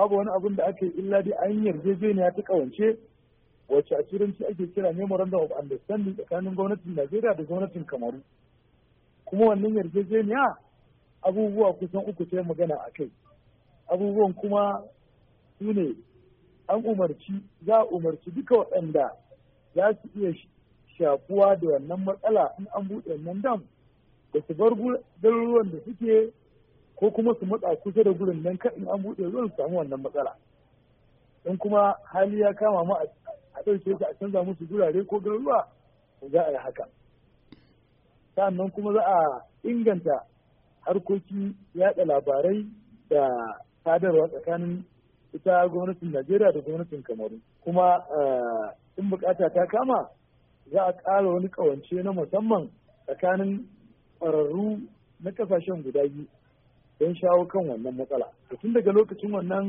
babu wani abin da ake illa dai an yarjejeniya ta kawance wacce a turanci ake kira memorandum of understanding tsakanin gwamnatin najeriya da gwamnatin kamaru kuma wannan yarjejeniya abubuwa kusan uku ta magana a kai abubuwan kuma su ne an umarci za a umarci duka waɗanda za su iya shafuwa da wannan matsala in an buɗe wannan dam da su bar garuruwan da suke ko kuma su matsa kusa da gurin nan in an buɗe ruwan su samu wannan matsala in kuma hali ya kama mu a ɗauke su a canza musu gurare ko garuruwa za a yi haka sannan kuma za a inganta harkoki yaɗa labarai da sadarwa tsakanin ita gwamnatin najeriya da gwamnatin kamaru kuma eh, in bukata ta kama za a ƙara wani ƙawance na musamman tsakanin ƙwararru na kasashen guda biyu don shawo kan wannan matsala tun daga lokacin wannan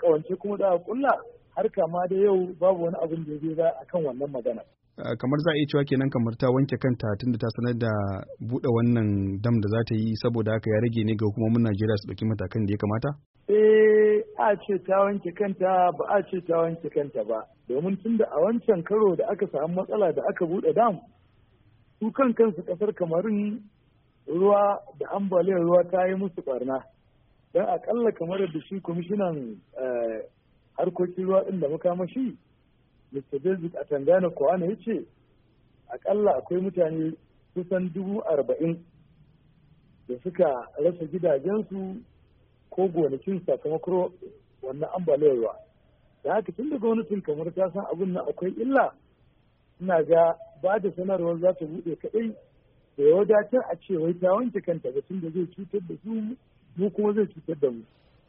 kawance eh, kuma da kulla har kama da yau babu wani abin da ya ba akan wannan magana ah, kamar za a iya cewa kenan kamar ta wanke kanta tunda ta sanar da buɗe wannan dam da za ta yi saboda haka ya rage ne ga hukumomin Najeriya su ɗauki matakan da ya kamata? Eh, a ce ta wanke kanta ba a ce ta wanke kanta ba. Domin tun da a wancan karo da aka samu matsala da aka buɗe dam, su kan kansu ƙasar Kamarun ruwa da ambaliyar ruwa ta yi musu barna don akalla kamar da shi kwamishinan eh, harkokin ruwa ɗin da makamashi mr david atangana kowane ya ce akalla akwai mutane kusan dubu arba'in da suka rasa gidajensu ko gonakin sakamakon wannan ambaliyar ruwa da haka tun da gwamnatin kamar ta san abin na akwai illa ina ga ba da sanarwar za ta buɗe kaɗai da ya wadatar a ce wai ta wanke kanta ba tun da zai cutar da su mu kuma zai cutar da mu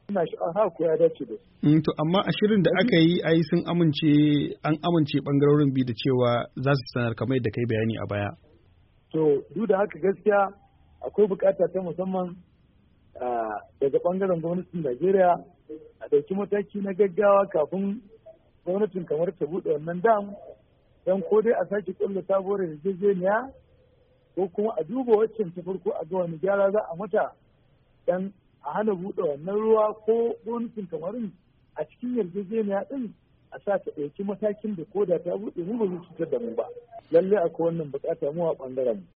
ina sha'awa ko ya dace da su. Mm, to amma a shirin da aka yi a yi sun amince an amince bangarorin biyu da cewa za su sanar kamar yadda kai bayani a baya. to duk da haka gaskiya akwai bukata ta musamman daga bangaren gwamnatin Najeriya a dauki mataki na gaggawa kafin gwamnatin kamar ta buɗe wannan dam don ko dai a sake ƙulla sabuwar yarjejeniya ko kuma a duba waccan ta farko a ga wani gyara za a mata dan a hana buɗe wannan ruwa ko gwamnatin kamarin a cikin yarjejeniya din a sa ta ɗauki matakin da koda ta buɗe mu ba zai cutar da mu ba lallai akwai wannan buƙata mu a ɓangaren mu.